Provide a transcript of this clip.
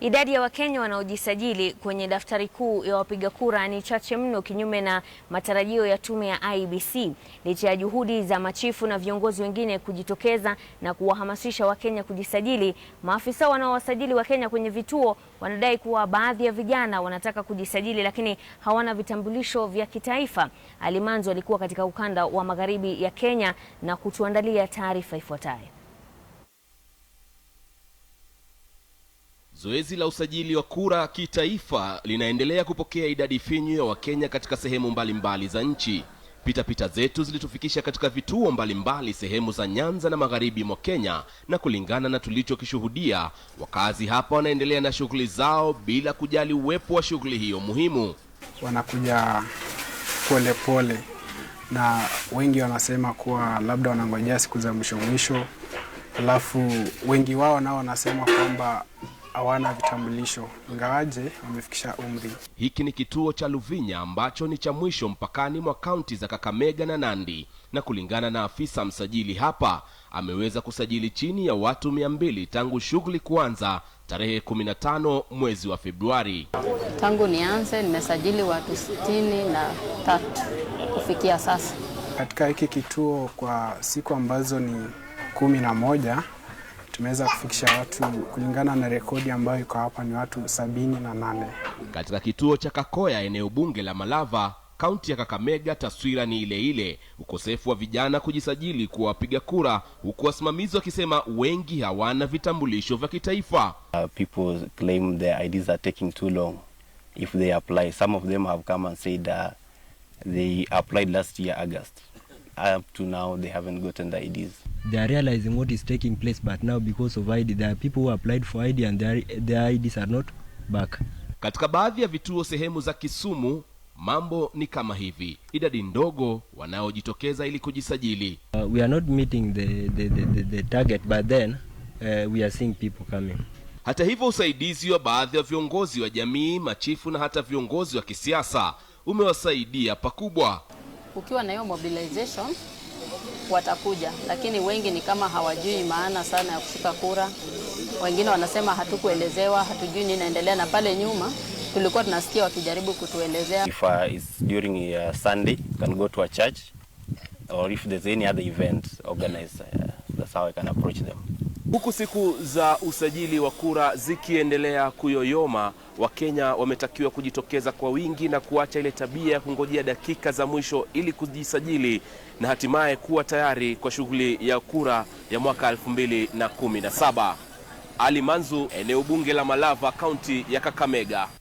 Idadi ya Wakenya wanaojisajili kwenye daftari kuu ya wapiga kura ni chache mno, kinyume na matarajio ya tume ya IEBC, licha ya juhudi za machifu na viongozi wengine kujitokeza na kuwahamasisha Wakenya kujisajili. Maafisa wanaowasajili Wakenya kwenye vituo wanadai kuwa baadhi ya vijana wanataka kujisajili, lakini hawana vitambulisho vya kitaifa. Alimanzo alikuwa katika ukanda wa magharibi ya Kenya na kutuandalia taarifa ifuatayo. Zoezi la usajili wa kura kitaifa linaendelea kupokea idadi finyu ya Wakenya katika sehemu mbalimbali mbali za nchi. Pitapita pita zetu zilitufikisha katika vituo mbalimbali mbali sehemu za Nyanza na magharibi mwa Kenya, na kulingana na tulichokishuhudia, wakazi hapa wanaendelea na shughuli zao bila kujali uwepo wa shughuli hiyo muhimu. Wanakuja polepole pole, na wengi wanasema kuwa labda wanangojea siku za mwisho mwisho, alafu wengi wao nao wanasema kwamba hawana vitambulisho ingawaje wamefikisha umri. Hiki ni kituo cha Luvinya ambacho ni cha mwisho mpakani mwa kaunti za Kakamega na Nandi, na kulingana na afisa msajili hapa ameweza kusajili chini ya watu mia mbili tangu shughuli kuanza tarehe 15 mwezi wa Februari. Tangu nianze nimesajili watu sitini na tatu kufikia sasa katika hiki kituo kwa siku ambazo ni kumi na moja tumeweza kufikisha watu kulingana na rekodi ambayo iko hapa ni watu sabini na nane katika kituo cha Kakoya, eneo bunge la Malava, kaunti ya Kakamega. Taswira ni ile ile, ukosefu wa vijana kujisajili kuwa wapiga kura, huku wasimamizi wakisema wengi hawana vitambulisho vya kitaifa. Uh, people claim their IDs are taking too long if they apply. Some of them have come and said, uh, they applied last year August up to now they haven't gotten the IDs. They are realizing what is taking place but now because of ID there are people who applied for ID and their, their IDs are not back. Katika baadhi ya vituo sehemu za Kisumu mambo ni kama hivi, idadi ndogo wanaojitokeza ili kujisajili. Uh, we are not meeting the, the, the, the, the target but then uh, we are seeing people coming. Hata hivyo usaidizi wa baadhi ya viongozi wa jamii, machifu na hata viongozi wa kisiasa umewasaidia pakubwa ukiwa na hiyo mobilization watakuja, lakini wengi ni kama hawajui maana sana ya kushika kura. Wengine wanasema hatukuelezewa, hatujui nini inaendelea, na pale nyuma tulikuwa tunasikia wakijaribu kutuelezea. If uh, is during uh, Sunday can go to a church or if there's any other event organized uh, that's how I can approach them. Huku siku za usajili wa kura zikiendelea kuyoyoma, Wakenya wametakiwa kujitokeza kwa wingi na kuacha ile tabia ya kungojea dakika za mwisho ili kujisajili na hatimaye kuwa tayari kwa shughuli ya kura ya mwaka 2017. Ali Manzu, eneo bunge la Malava, kaunti ya Kakamega.